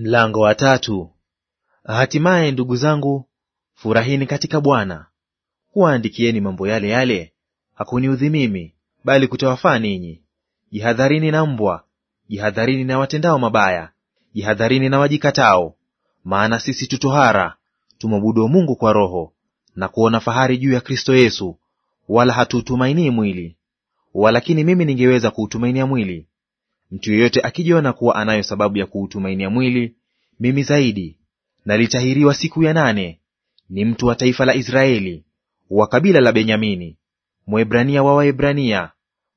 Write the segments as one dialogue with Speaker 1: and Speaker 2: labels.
Speaker 1: Mlango wa tatu. Hatimaye ndugu zangu, furahini katika Bwana. Huwaandikieni mambo yale yale hakuniudhi mimi, bali kutawafaa ninyi. Jihadharini na mbwa, jihadharini na watendao mabaya, jihadharini na wajikatao. Maana sisi tutohara tohara, tumwabudu Mungu kwa Roho na kuona fahari juu ya Kristo Yesu, wala hatuutumainii mwili. Walakini mimi ningeweza kuutumainia mwili, Mtu yeyote akijiona kuwa anayo sababu ya kuutumainia mwili, mimi zaidi nalitahiriwa siku ya nane, ni mtu wa taifa la Israeli, wa kabila la Benyamini, Mwebrania wa Waebrania;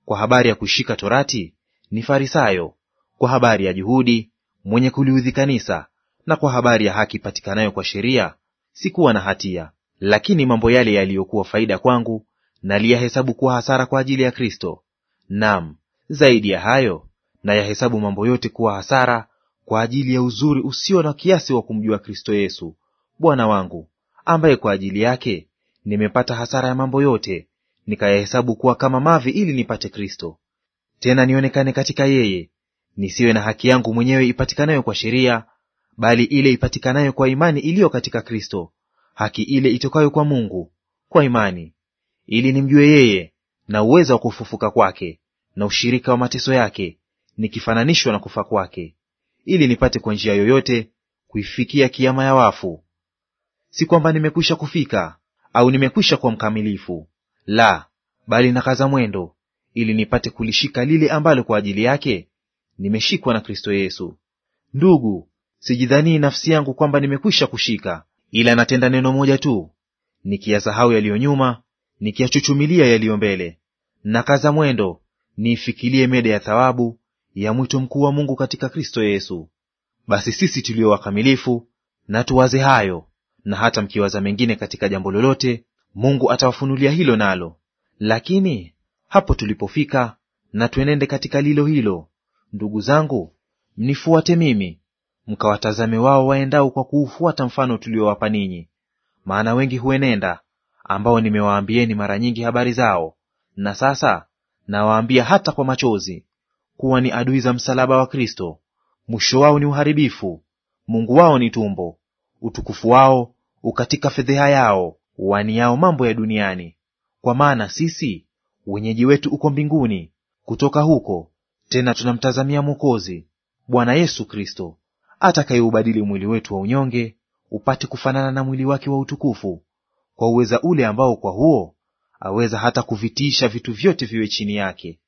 Speaker 1: kwa habari ya kushika torati ni Farisayo, kwa habari ya juhudi mwenye kuliudhi kanisa, na kwa habari ya haki patikanayo kwa sheria sikuwa na hatia. Lakini mambo yale yaliyokuwa faida kwangu naliyahesabu kuwa hasara kwa ajili ya Kristo. Naam, zaidi ya hayo na yahesabu mambo yote kuwa hasara kwa ajili ya uzuri usio na kiasi wa kumjua Kristo Yesu Bwana wangu, ambaye kwa ajili yake nimepata hasara ya mambo yote, nikayahesabu kuwa kama mavi, ili nipate Kristo, tena nionekane katika yeye, nisiwe na haki yangu mwenyewe ipatikanayo kwa sheria, bali ile ipatikanayo kwa imani iliyo katika Kristo, haki ile itokayo kwa Mungu kwa imani, ili nimjue yeye na uweza wa kufufuka kwake na ushirika wa mateso yake nikifananishwa na kufa kwake, ili nipate kwa njia yoyote kuifikia kiama ya wafu. Si kwamba nimekwisha kufika au nimekwisha kuwa mkamilifu, la, bali nakaza mwendo, ili nipate kulishika lile ambalo kwa ajili yake nimeshikwa na Kristo Yesu. Ndugu, sijidhanii nafsi yangu kwamba nimekwisha kushika, ila natenda neno moja tu, nikiyasahau yaliyo nyuma, nikiyachuchumilia yaliyo mbele, nakaza mwendo niifikilie mede ya thawabu ya mwito mkuu wa Mungu katika Kristo Yesu. Basi sisi tulio wakamilifu na tuwaze hayo, na hata mkiwaza mengine katika jambo lolote, Mungu atawafunulia hilo nalo. Lakini hapo tulipofika, na tuenende katika lilo hilo. Ndugu zangu, mnifuate mimi, mkawatazame wao waendao, kwa kuufuata mfano tuliowapa ninyi. Maana wengi huenenda, ambao nimewaambieni mara nyingi habari zao, na sasa nawaambia hata kwa machozi, kuwa ni adui za msalaba wa Kristo. Mwisho wao ni uharibifu, Mungu wao ni tumbo, utukufu wao ukatika fedheha yao, waniao mambo ya duniani. Kwa maana sisi wenyeji wetu uko mbinguni, kutoka huko tena tunamtazamia Mwokozi Bwana Yesu Kristo, atakayeubadili mwili wetu wa unyonge upate kufanana na mwili wake wa utukufu, kwa uweza ule ambao kwa huo aweza hata kuvitiisha vitu vyote viwe chini yake.